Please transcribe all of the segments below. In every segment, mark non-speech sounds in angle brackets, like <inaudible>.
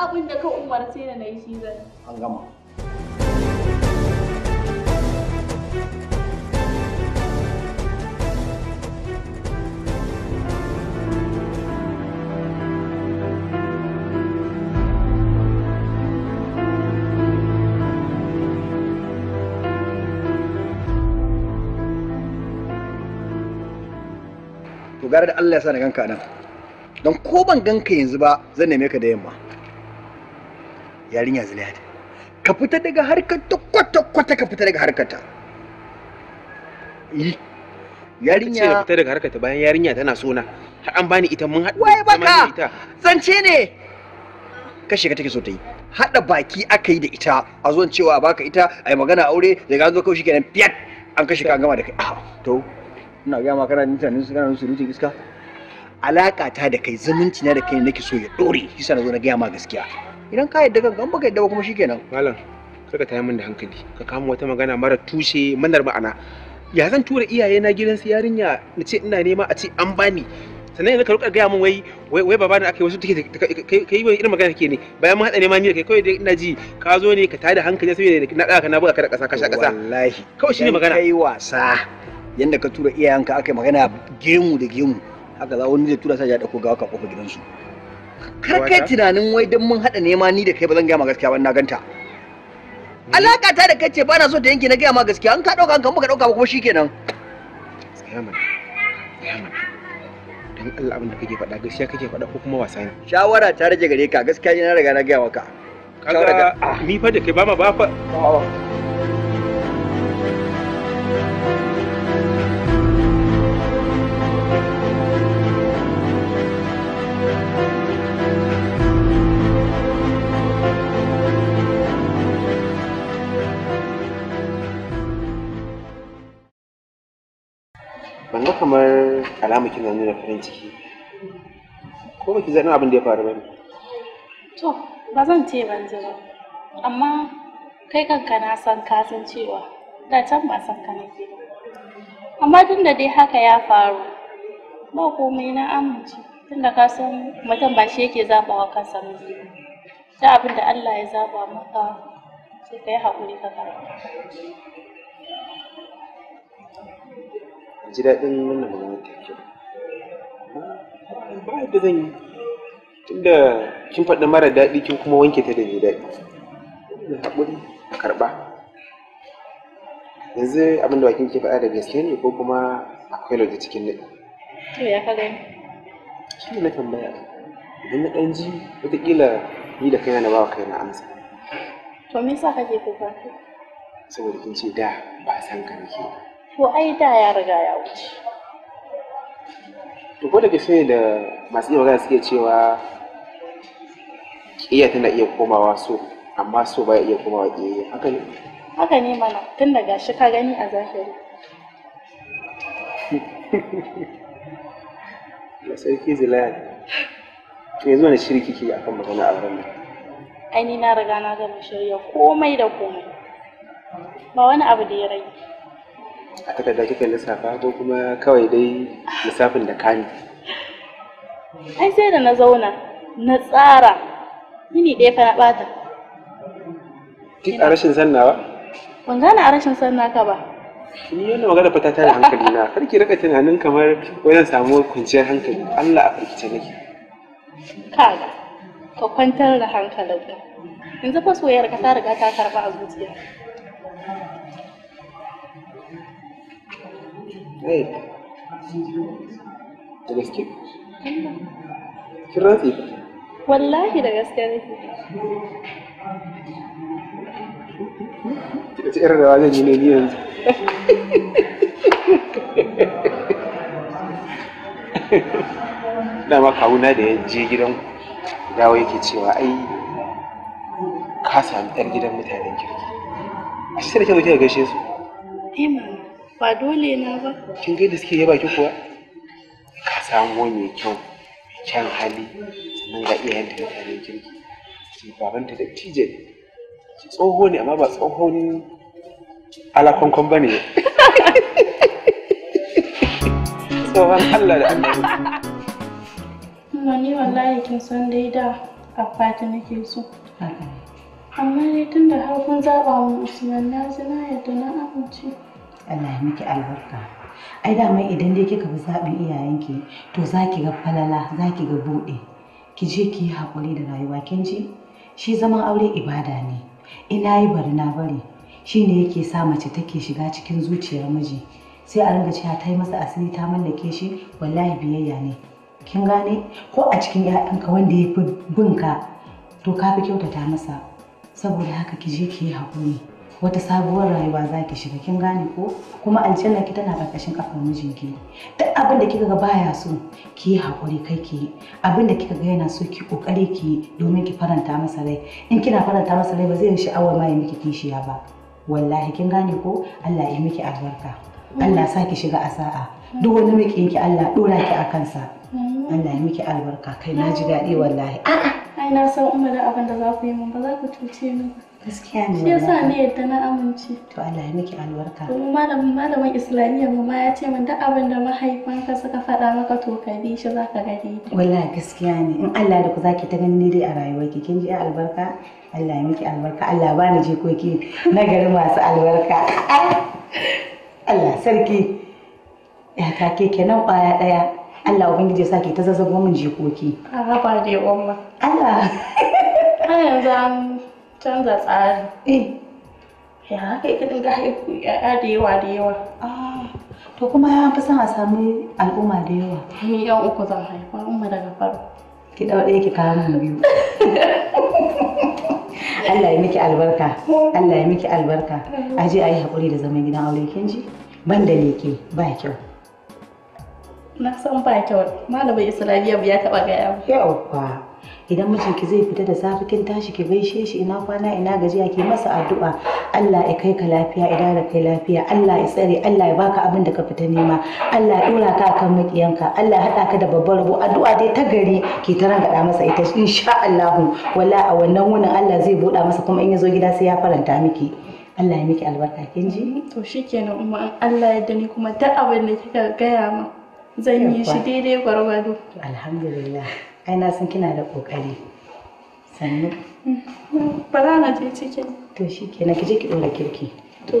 abin da ka umarce na yi shi zan. An gama. gara da Allah ya sa na ganka nan don ko ban ganka yanzu ba zan neme ka da yamma yarinya zuliyat ka fita daga harkar ta kwata kwata ka fita daga harkar ta eh, yarinya ka fita daga harkar ta bayan yarinya tana sona har an bani ita mun haɗu waye baka zance ne ka shiga take so ta yi haɗa baki aka yi da ita a zuwan cewa a baka ita a yi magana aure daga an zo kawai shikenan fiyat an kashe ka gama da kai ah, to ina ga ma kana nita nisa kana rutin iska alaka ta da kai zumunci na da kai nake so ya dore shi na zo na gaya ma gaskiya idan ka yadda kanka an ka yadda ba kuma shikenan malam ta yi min da hankali ka kama wata magana mara tushe manar ma'ana ya zan tura iyaye na gidan su yarinya na ce ina nema a ce an bani sannan yanzu ka rika gaya min wai wai baba na akai wasu take kai wani irin magana kake ne bayan mun hada nema ni da kai kawai ina ji ka zo ne ka tada hankali saboda na daga na buga ka da kasa ka sha kasa wallahi kawai shine magana kai wasa yanda ka tura iyayenka akai magana gemu da gemu haka za wani zai tura sa ya dauko gawa ka kofa gidansu kar kai tunanin wai dan mun hada nema ni da kai ba zan gaya ma gaskiya ban na ganta alaka ta da kai ce ba na so ta yanke na gaya ma gaskiya an ka dauka an ka baka dauka ba kuma shikenan tsaya dan Allah abin da kake faɗa gaskiya kake faɗa ko kuma wasa ne shawara ta rage gare ka gaskiya ina riga na gaya maka kaga ah, ni fa da kai ba ma ba fa ne da farin ciki ko ki zanen abin da ya faru ba ne to ba zan ce ban ji ba amma kai kanka na san ka san cewa da can ba san ka nake ba amma tun da dai haka ya faru ba komai na amince tun da ka san mutum ba shi yake zaba wa kansa miji ta abin da Allah ya zaba maka sai ka yi haƙuri ka karɓa ji daɗin wannan magana ta kyau ba yadda zan yi tunda kin faɗi mara daɗi kin kuma wanke ta da mai daɗi haƙuri a karɓa yanzu abin da wakin ke faɗa da gaske ne ko kuma akwai lauje cikin naɗi to ya ka gani shi ne na tambaya idan na ɗan ji wataƙila ni da kaina na ba wa kaina amsa to me yasa kake kuka saboda kin ce da ba san ka nake to ai da ya riga ya wuce to ko ke sai da masu iya magana suke cewa iya tana iya komawa so amma so baya iya komawa yi, haka ne haka ne mana tun daga shi ka gani a zahiri da sarki zilayan ne. zuwa da shiri kike akan magana a ranar Aini na riga na gama shirya komai da komai ba wani abu da ya rage a takarda kika lissafa ko kuma kawai dai lissafin da kani ai sai da na zauna na tsara mini ɗaya fa na ɓata ki a rashin sannawa ban gane a rashin sanna ka ba ni yana magana fata ta hankali na karki rika tunanin kamar wajen samu kwanciyar hankali Allah a farkice nake kaga ka kwantar da hankalinka yanzu fa soyayyar ka ta riga ta karba a zuciya kai eh. da gaske kin ratse wallahi da gaske ne kika ci irin rawa zan yi ne yanzu <laughs> dama kawuna da ya je gidan dawo yake cewa ai ka sami yar gidan mutanen kirki a shi sai da kyau gaishe su eh ba dole na ba kin ga da suke yaba ki kuwa ka samu mai kyau mai kyan hali sannan ga iyayen da mutanen kirki ki babanta da tije ki tsoho ne amma ba tsohon alakonkon ba ne <laughs> tsohon Allah da Allah kuma yi wallahi kin san dai da fata nake so amma ne tunda har kun zaba mu Usman na zina yadda na amince Allah ya miki albarka ai dama idan dai kika bi zaɓin iyayenki to za ki ga falala za ki ga buɗe ki je ki yi haƙuri da rayuwa kin ji shi zaman aure ibada ne ina yi bari na bari shine yake sa mace take shiga cikin zuciyar miji sai a ringa cewa ta yi masa asiri ta mallake shi wallahi biyayya ne kin gane ko a cikin 'ya'yanka wanda ya fi bin ka to ka fi kyautata masa saboda haka ki je ki yi haƙuri wata sabuwar rayuwa za ki shiga kin gane ko kuma aljanna ki tana karkashin kafin mijinki duk abin da kika ga baya so ki yi hakuri kai ki abin da kika ga yana so ki kokari ki domin ki faranta masa rai in kina faranta masa rai ba zai sha'awar ma ya miki kishiya ba wallahi kin gane ko Allah ya miki albarka Allah sa ki shiga asa'a duk wani mikin ki Allah dora ki a kansa Allah ya miki albarka kai na ji daɗi wallahi a'a ai na san umma da abin da za ku yi mun ba za ku cuce ni ba gaskiya ne shi yasa ne yadda na amince to Allah ya miki albarka kuma malamin malamin islamiyya mu ma ya ce min duk abin da mahaifanka suka faɗa maka to ka bi shi zaka ga wallahi gaskiya ne in Allah da ku zaki ta ganin dai a rayuwarki kin ji albarka Allah ya miki albarka Allah ba ni jikoki na gari masu albarka Allah sarki ya ta ke kenan kwaya daya Allah ubangiji ya sake ta zazzabo min jikoki a ba dai umma Allah a yanzu canza tsari ya kai ka dinga haihu ya da yawa da yawa ah, to kuma ya fi son a sami al'umma da yawa ni yan uku zan haifa umma daga faru. ki dau ɗaya ki kawo mun biyu Allah ya miki albarka Allah ya miki albarka aje ayi hakuri da zaman gidan aure kin ji ban da leke ba kyau na san ba kyau malamin islamiyya ya taɓa gaya ba. yau fa idan mijinki zai fita da safe kin tashi ki gaishe shi ina kwana ina gajiya ki masa addu'a Allah ya kai ka lafiya idan da kai lafiya Allah ya tsare Allah ya baka abin da ka fita nema Allah ya dora ka akan makiyanka Allah ya hada ka da babbar rabo addu'a dai ta gari ki ta rangada masa ita insha Allah wala a wannan wunin Allah zai buɗa masa kuma in ya zo gida sai ya faranta miki Allah ya miki albarka kin ji to shikenan umma Allah ya dani kuma ta abin da kika gaya ma zan yi shi daidai gwargwado alhamdulillah ai na san kina da kokari sannu za na je cikin to ke ki je ki dora kirki to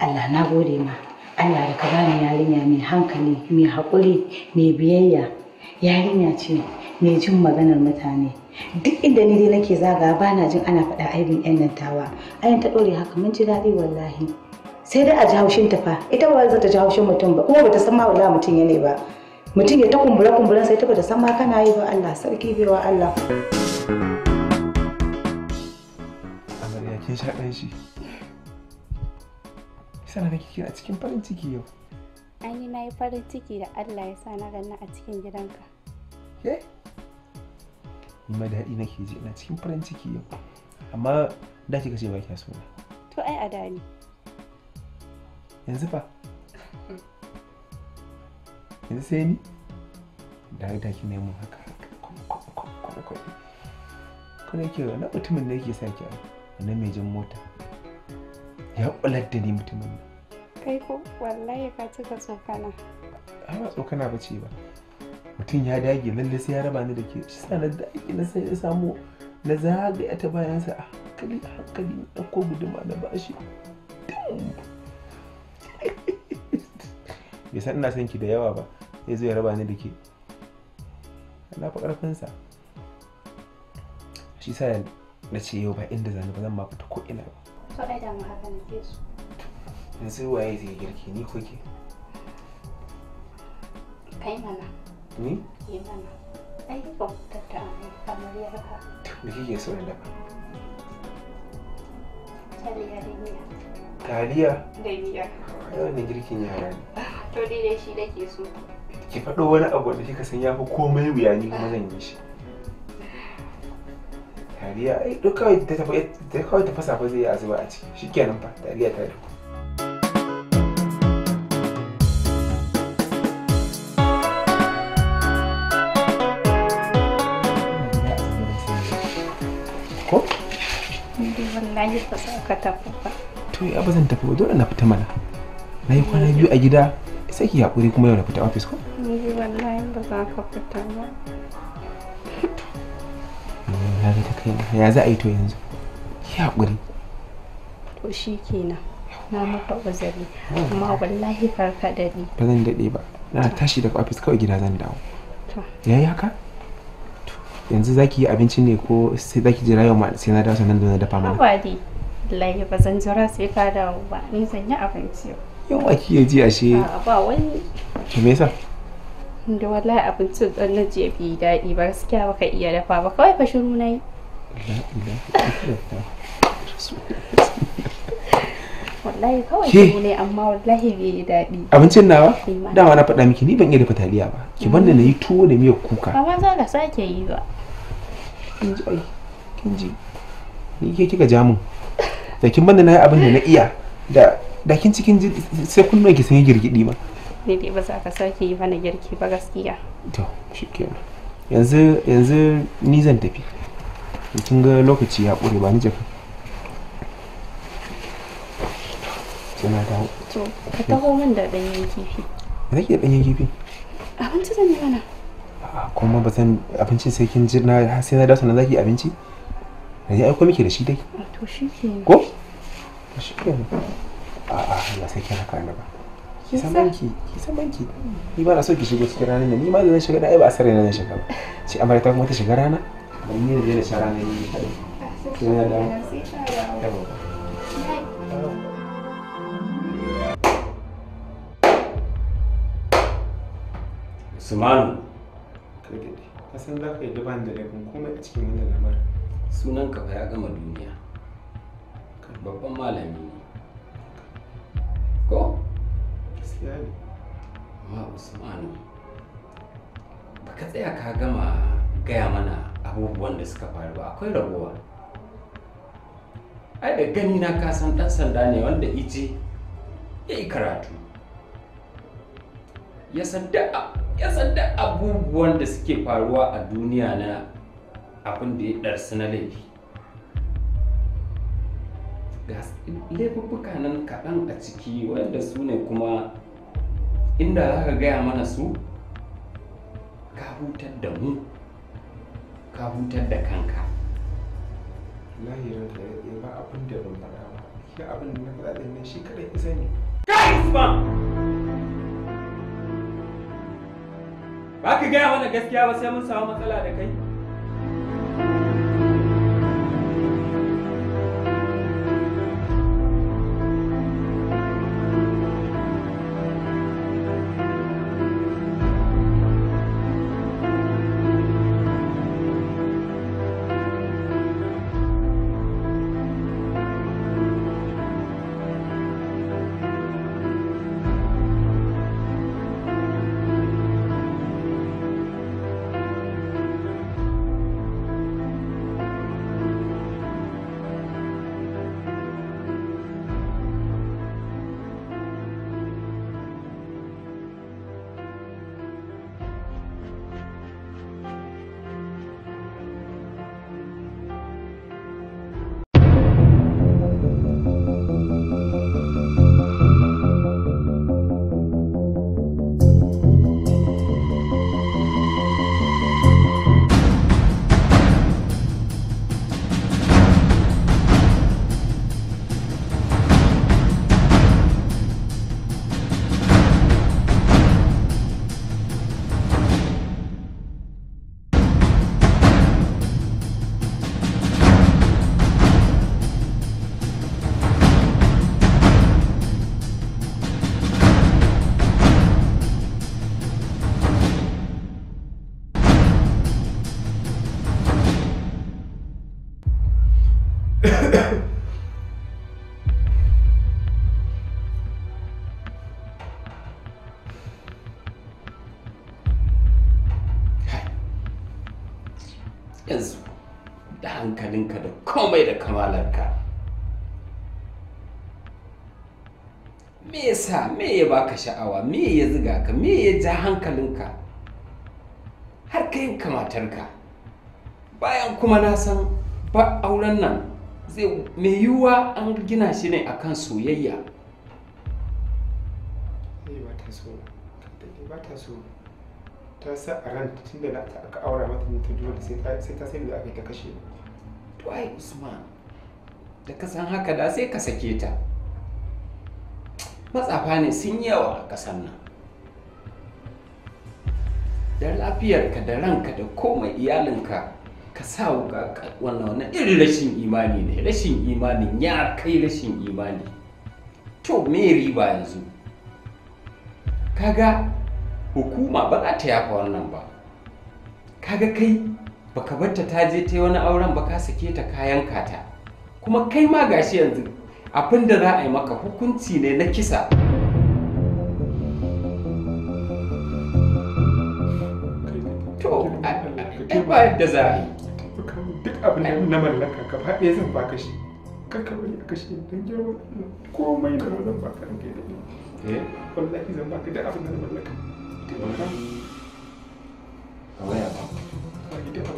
Allah na gode ma Allah da ka bani yarinya mai hankali mai haƙuri mai biyayya yarinya ce mai jin maganar mutane duk inda ni dai nake zaga ba na jin ana faɗa aibin yan nan tawa ta ɗore haka mun ji daɗi wallahi sai dai a ji haushin ta fa ita ba za ta ji haushin mutum ba kuma ba ta san ma wallahi mutum ya ba mutum ya ta kumbura kumburan sai ta bata san ma kana yi ba Allah sarki bai wa Allah amarya ke sha ɗan shi sana na kike a cikin farin ciki yau ani na yi farin ciki da Allah ya sa na ganna a cikin gidanka ke ni ma daɗi nake ji ina cikin farin ciki yau amma da kika ce ba kya so to ai a dani yanzu fa kin sai ni da kina ki mun haka kuna ke na mutumin da yake sake a na mai jan mota ya kular da ni mutumin nan kai ko wallahi ka cika tsokana ai ba tsokana ba ce ba mutum ya dage lalle sai ya raba ni da ke shi sa na dage na sai ya samu na zagaya ta bayansa a hankali a hankali na ɗauko guduma na bashi <laughs> bai san ina son ki da yawa ba ya zo ya raba ni da ke na fi ƙarfinsa shi sa na ce yau ba inda zanu ba zan ma fita ko ina ba to ai da mu haka na ke so yanzu waye zai girki ni ko ke kai mana ni ke mana ai ba ku tattara kamar raka da kike so na dafa taliya da miya taliya da miya Yawan ne girkin yara ne to dai dai shi nake so ki faɗo wani abu da kika san yafi komai wuya ni kuma zan yi shi tariya ai duk kawai ta tafi ta kawai ta fasa fa zai yi zuba a ciki shikenan fa tariya ta duk ko? Ni wallahi ba za ka tafi ba. To ai ba zan tafi ba dole na fita mana. Na yi kwana biyu a gida sai ki haƙuri kuma yau na fita ofis ko? Ni wallahi ba za ka fita ba. Ya ta kai ya za a yi to yanzu? Ki haƙuri. To shi kenan. Na maka uzuri amma wallahi farka da ni. Ba zan daɗe ba. Na tashi daga ofis kawai gida zan dawo. Ya yi haka? Yanzu za ki yi abinci ne ko sai za ki jira yau ma sai na dawo sannan da na dafa mana? Ba dai. Wallahi ba zan jira sai ka dawo ba. Ni zan yi abinci yau. yawa kike ji ashe ba wani to me yasa da wallahi abincin dan na je bi daɗi ba gaskiya baka iya dafa ba kawai fa shiru nayi wallahi kawai shiru ne amma wallahi bai yi daɗi abincin nawa dama na faɗa miki ni ban iya dafa taliya ba ki banda na yi tuwo da miyar kuka amma ma za ka sake yi ba kin ji ai kin ji ni ke kika ja mun da kin banda na yi abin da na iya da da kin cikin sai kunnuwa ki sai girgidi ma daidai ba za ka sake yi mana girki ba gaskiya to shikenan yanzu yanzu ni zan tafi kin ga lokaci ya ƙure ba ni jaka suna dawo to ka taho min da ɗanyen kifi me nake da ɗanyen kifi abinci zan yi mana kuma ba san abincin sai kin ji na sai na dawo sannan zaki abinci na ai aiko miki da shi dai to shi ke ko shi ke a'a ba sai ba ki san banki ki san banki ni ba na so ki shigo cikin ne ni ma da zan shiga ba a na shiga ba ce ta kuma ta shiga rana ni ne da ni kadai kasan za ka yi duban da laifin komai a cikin wannan lamarin sunan ka fa ya gama duniya babban malami ne ko? gaskiya ne usmanu ba ka tsaya ka gama gaya mana abubuwan da suka faru ba akwai rabuwa ai da gani na kasan ɗan sanda ne wanda ice ya yi karatu ya san abubuwan da suke faruwa a duniya na abin da ya ɗarsu na laifi ga laifuffuka nan kaɗan a ciki wanda su ne kuma inda za ka gaya mana su ka hutar da mu ka hutar da kanka lahirin da ya ba abin da ban faɗa ba shi abin da na faɗa da ne shi kaɗai isa ne kai usman ba ka gaya mana gaskiya ba sai mun samu matsala da kai kamalarka me sa, me ya baka sha'awa me ya ziga ka me ya ja hankalinka har ka yi kamatarka bayan kuma na san ba auren nan zai mai yiwuwa an gina shi ne akan soyayya eh, ba ta so ta sa a ran tun da aka aura mata ta dole sai ta sai da aka ta kashe to ai usman da ka san haka da sai ka sake ta matsafa ne sun yi yawa a ƙasar nan da ka da ranka da komai iyalinka ka sa wuka wannan wannan irin rashin imani ne rashin imanin ya kai rashin imani to me riba yanzu kaga hukuma ba za ta yafa wannan ba kaga kai baka bar ta je ta yi wani auren ba ka sake ta kayan kata kuma kai ma gashi yanzu abin da za a yi maka hukunci ne na kisa to ba yadda za a yi duk da na baka shi a kashe zan baka da eh? zan baka duk abin da na mallaka ba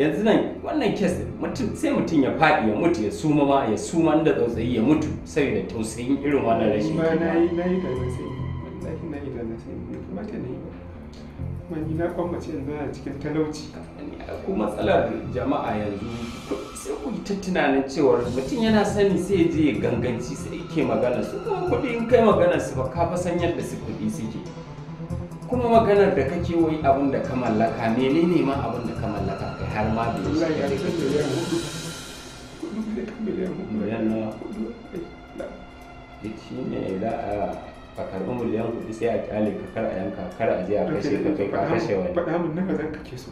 yanzu nan wannan kes mutum sai mutum ya faɗi ya mutu ya suma ma ya suma da tsautsayi ya mutu sai da tausayin irin wannan rashin ba na yi na yi da na sai na yi da na sai ne kuma ta ne ba ni na ce yanzu na cikin talauci ko matsalar jama'a yanzu sai ku ta tunanin cewar mutum yana sani sai je ya ganganci sai ke magana su kuma kuɗi in kai magana su ba ka fa san yadda su kuɗi suke kuma maganar da kake wai abin da ka mallaka menene ma abin da ka mallaka har ma ne miliyan kuɗi sai a ƙyale ka kar a yanka kar a je a kashe ka kai ka kashe wani faɗa min nawa zan kake so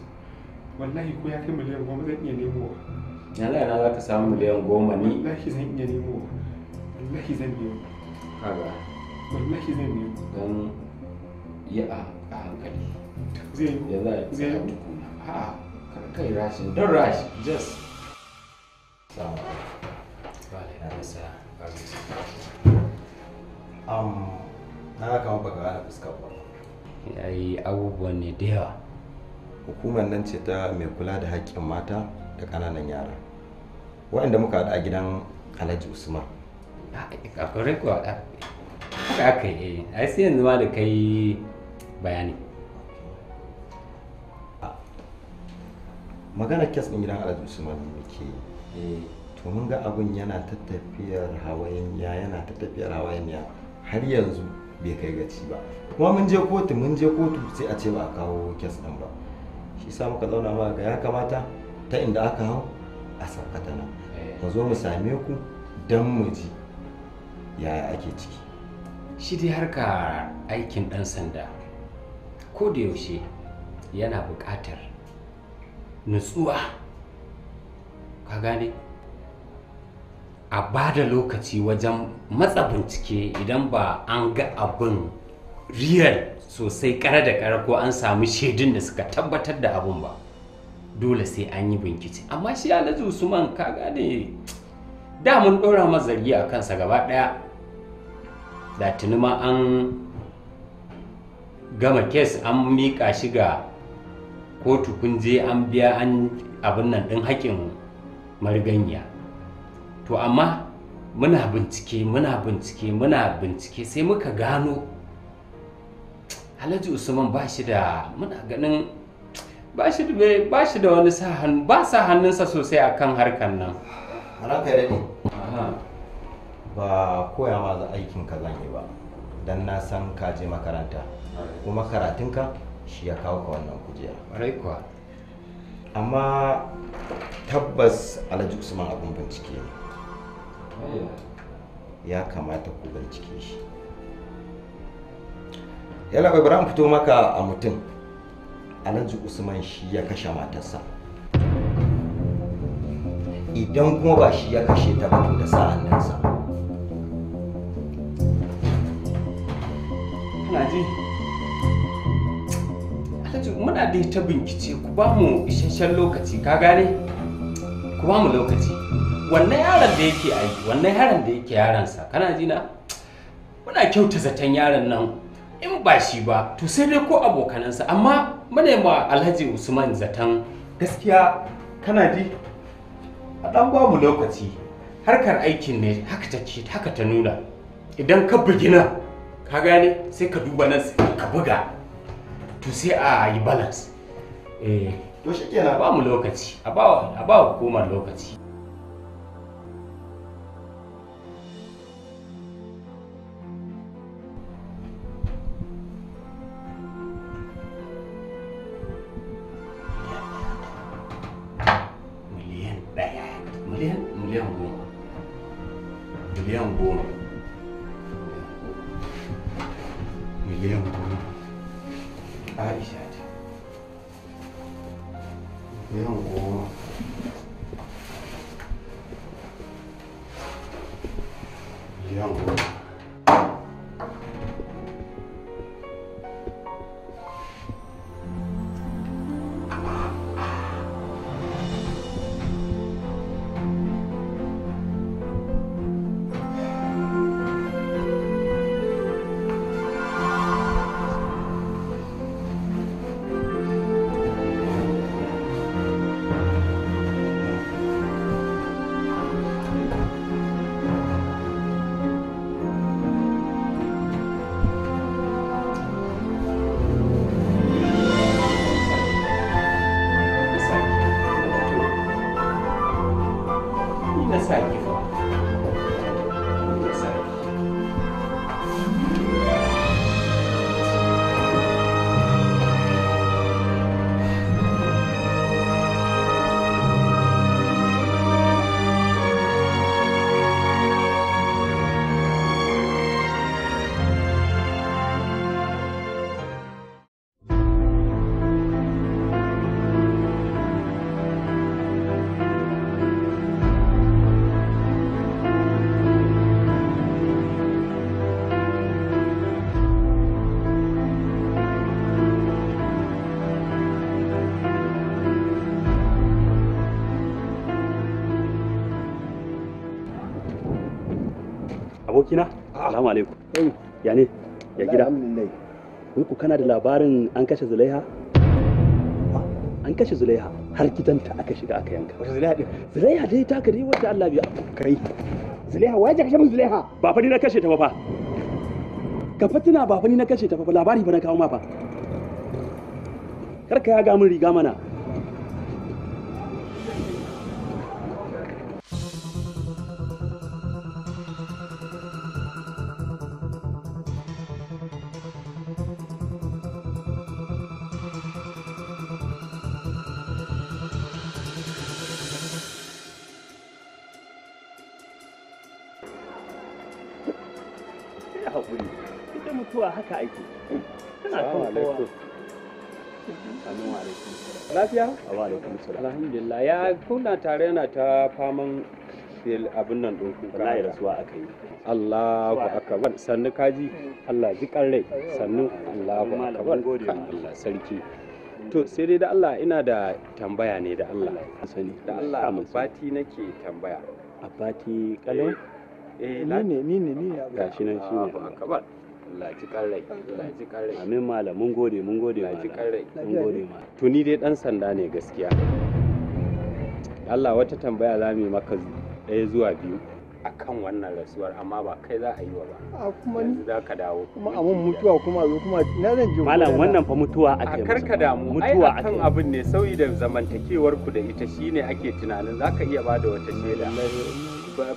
wallahi ko ya kai miliyan goma zan iya nemo na da na za ka samu miliyan goma ni wallahi zan iya nemo wallahi zan nemo kaga wallahi zan nemo dan ya a hankali zai zai a kai rashin don rashi just salamu alaikum na kama baka gane fuskar ba yayi abubuwan ne da yawa hukumar nan ce ta mai kula da haƙƙin mata da ƙananan yara waɗanda muka haɗa a gidan alhaji usman a kwarai kuwa haka aka yi a sai yanzu ma da kai bayani magana kes din gidan alhaji usman muke eh, to mun ga abun yana ta tafiyar ya yana ta tafiyar ya har yanzu bai kai gaci ba kuma mun je kotu mun je kotu sai a ce ba a kawo kes din ba shi sa muka zauna ma ga ya kamata ta inda aka hau a saukata nan eh. mu zo mu same ku dan mu ji yaya ake ciki shi dai harka aikin ɗan sanda ko da yaushe yana buƙatar nutsuwa ka gane a ba da lokaci wajen matsa bincike idan ba an ga abin riyal sosai kara da kara ko an samu shaidun da suka tabbatar da abin ba dole sai an yi bincike amma shi alhaji usman ka gane da mun ɗora mazari a kansa gaba daya da ma an gama kes an miƙa shi ga kotu kun je an biya an abin nan ɗin haƙƙin mariganya to amma muna bincike muna bincike muna bincike sai muka gano alhaji usman ba shi da muna ganin ba shi da ba shi da wani sa hannu ba sa hannunsa sosai akan harkar nan ne ba koya ma za aikin ka zan yi ba dan na san ka je makaranta kuma karatunka shi ya kawo ka wannan kujera ƙwarai amma tabbas alhaji usman abin bincike ne ya kamata ku bincike shi yala bai bari fito maka a mutum alhaji usman shi ya kashe matarsa idan kuma ba shi ya kashe ta ba da sa'an nan sa dai ta bincike ku ba mu isasshen lokaci ka gane ku ba mu lokaci wannan yaron da yake aiki wannan yaron da yake yaransa kana ji na muna kyauta zaton yaron nan in ba shi ba to sai dai ko abokanansa amma muna ma alhaji usman zaton gaskiya kana ji a dan ba mu lokaci harkar aikin ne haka take haka ta nuna idan ka bugina ka gane sai ka duba nan sai ka buga to sai ah, a yi balance eh to shi kenan ba mu lokaci a ba a ba hukumar lokaci miliyan goma miliyan goma 哎，行，行，别让我。Assalamu alaikum. Ya ne? Ya gida? Alhamdulillah. ku kana da labarin an kashe Zulaiha? An kashe Zulaiha har gidanta aka shiga aka yanka. Wata Zulaiha din? Zulaiha dai ta kare wata Allah bai kai. Zulaiha waye ya kashe min Zulaiha? Ba fa ni na kashe ta ba fa. Ka fatina ba fa ni na kashe ta ba labari ba na kawo ma fa. Kar ka ya ga min riga mana. alhamdulillah ya kuna tare yana ta faman abin nan ɗin kuka wallahi rasuwa aka yi Allahu akbar sannu kaji Allah ji rai sannu Allahu akbar Allah sarki to sai dai da Allah ina da tambaya ne da Allah sani da Allah abati nake tambaya abati kalai eh, eh ni ne ni ne ni gashi nan shi ne akbar amin malam mun gode mun gode mun gode ma tuni dai dan sanda ne gaskiya Allah wata tambaya za mu yi maka ɗaya zuwa biyu akan wannan rasuwar amma ba kai za a yi wa ba kuma ni za ka dawo kuma abun mutuwa kuma zo kuma na zan je malam wannan fa mutuwa ake a karka damu mutuwa kan abin ne sauyi da zamantakewar ku da ita shine ake tunanin za ka iya bada wata shaida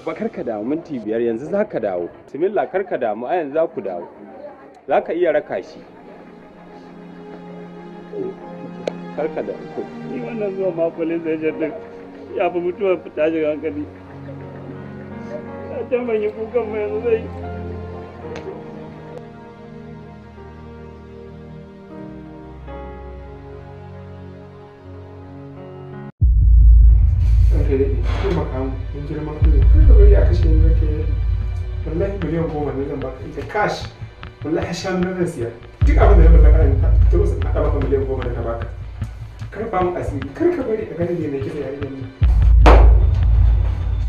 ba karka damu minti biyar yanzu za ka dawo similla karka damu a yanzu za ku dawo za ka iya raka shi karka da ni wannan zuwa ma zai station din ya fi mutuwar fita shiga hankali a can ban yi kukan mai yanzu zai Wallahi cash wallahi sha nan zan siya duk abin da na mallaka ta ta musu haɗa maka miliyan goma da na baka kar ba mu asiri kar ka bari a gani ne na kisa yayin nan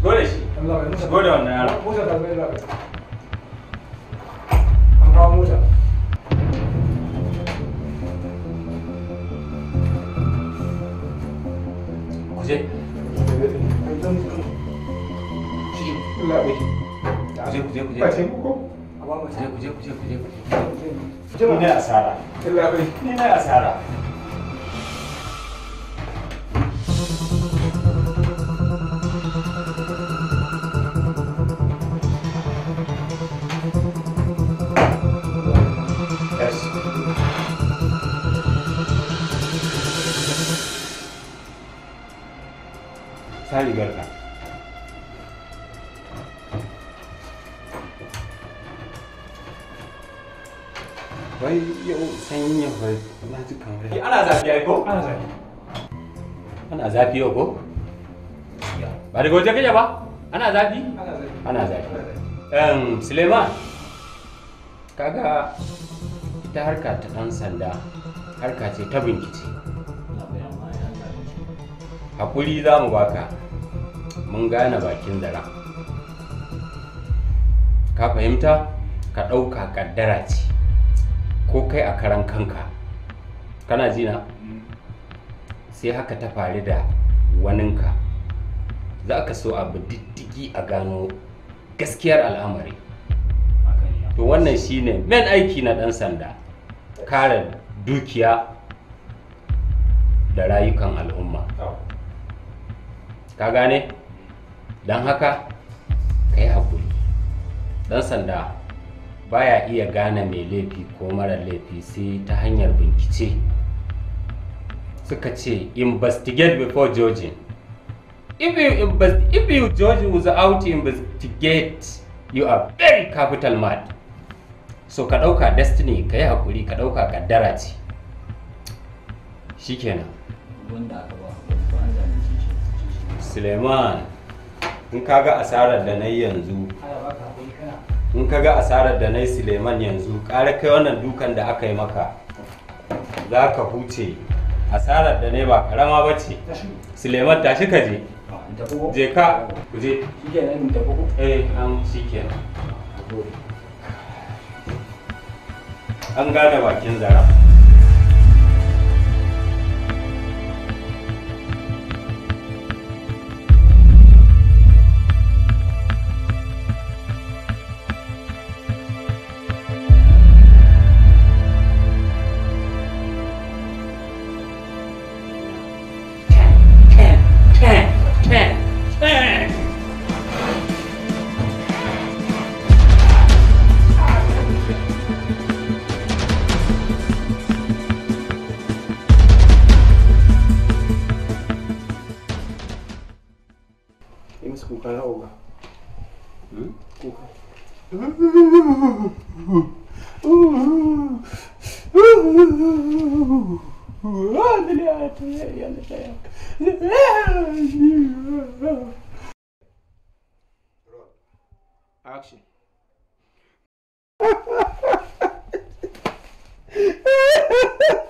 shigo da shi shigo da wannan yaro mota ta zaka an kawo mota kuje kuje kuje kuje kuje kuje kuje kuje kuje kuje kuje asara ni na asara Saya juga ko? Ana zafi. Ana zafi yau ko? Ba da waje kake ba? Ana zafi? Ana zafi. Um, Suleiman, kaga ta harka ta ɗan sanda harka ce ta bincike. Hakuri za mu baka, mun gane bakin dara Ka fahimta? Ka ɗauka ƙaddara ce, ko kai a karan kanka. kana jina sai haka ta faru da waninka za ka so abu diddigi a gano gaskiyar al'amari to wannan shine men aiki na ɗan sanda kare dukiya da rayukan al'umma ka gane don haka ka yi haƙuri ɗan sanda baya iya gane mai laifi ko mara laifi sai ta hanyar bincike suka ce investigate before judging if you invest, if you judge without investigate you are very capital mad so ka dauka destiny ka yi hakuri ka dauka kaddara ce shikenan wanda aka ba suleiman in ka ga asarar da na yi yanzu in ka ga asarar da nayi suleiman yanzu kare kai wannan dukan da aka yi maka za ka huce asarar da ne ba karama ba ce suleiman tashi ka je je ka ku je eh, an shikenan an gane bakin zara Кухо. А, я не так. Ha ha ha!